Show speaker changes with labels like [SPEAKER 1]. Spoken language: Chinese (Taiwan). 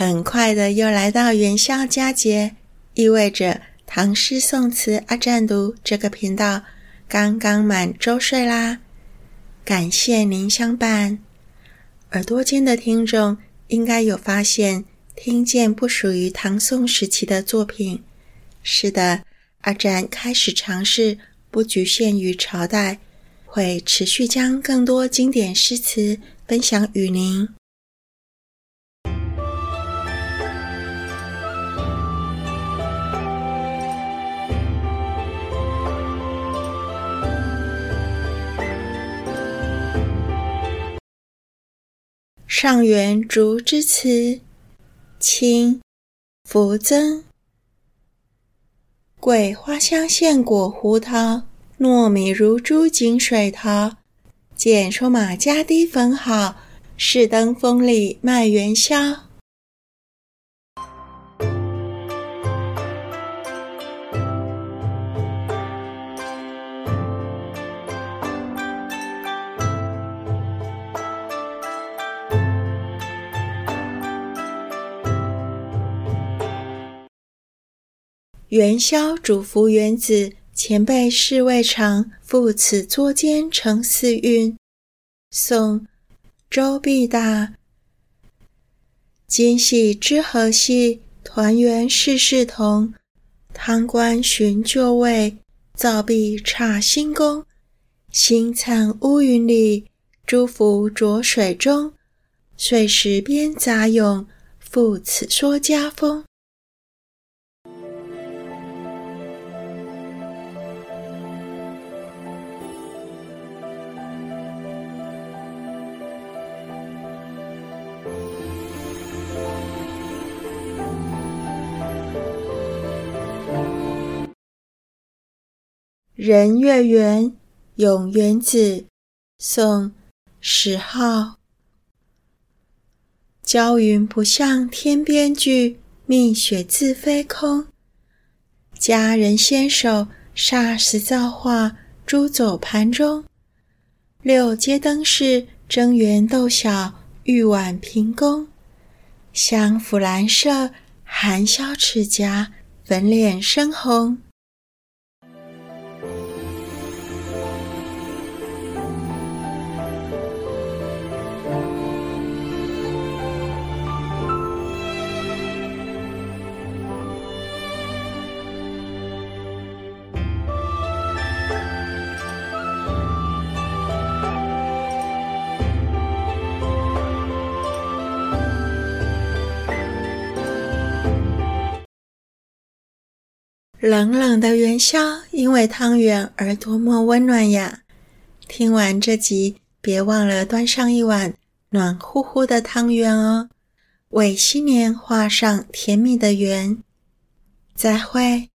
[SPEAKER 1] 很快的又來到元宵佳節，意味着《唐詩宋詞阿占讀》這個頻道剛剛滿週歲啦！感謝您相伴。耳朵尖的聽眾應該有發現，聽見不屬於唐宋時期的作品。是的，阿占開始嘗試不局限於朝代，會持續將更多經典詩詞分享與您。《上元竹枝詞》，清·符曾。桂花香餡裹胡桃，糯米如珠井水淘。見說馬家滴粉好，試燈風裡賣元宵。元宵煮浮圓子，前輩似未嘗，賦此坐間成四韻。宋，周必大。今夕知何夕？團圓事事同。湯官尋舊味，灶婢詫新功。星燦烏雲裡，珠浮濁水中。歲時編雜詠，附此說家風。人月圓，詠圓子，宋·史浩。驕雲不向天邊聚，密雪自飛空。佳人纖手霎時造化，珠走盤中。六街燈市，爭圓鬥小，玉碗頻供，香浮蘭麝，寒消齒頰，粉臉生紅。冷冷的元宵，因為湯圓而多麼溫暖呀！聽完這集，別忘了端上一碗暖乎乎的湯圓哦，為新年畫上甜蜜的圓。再會。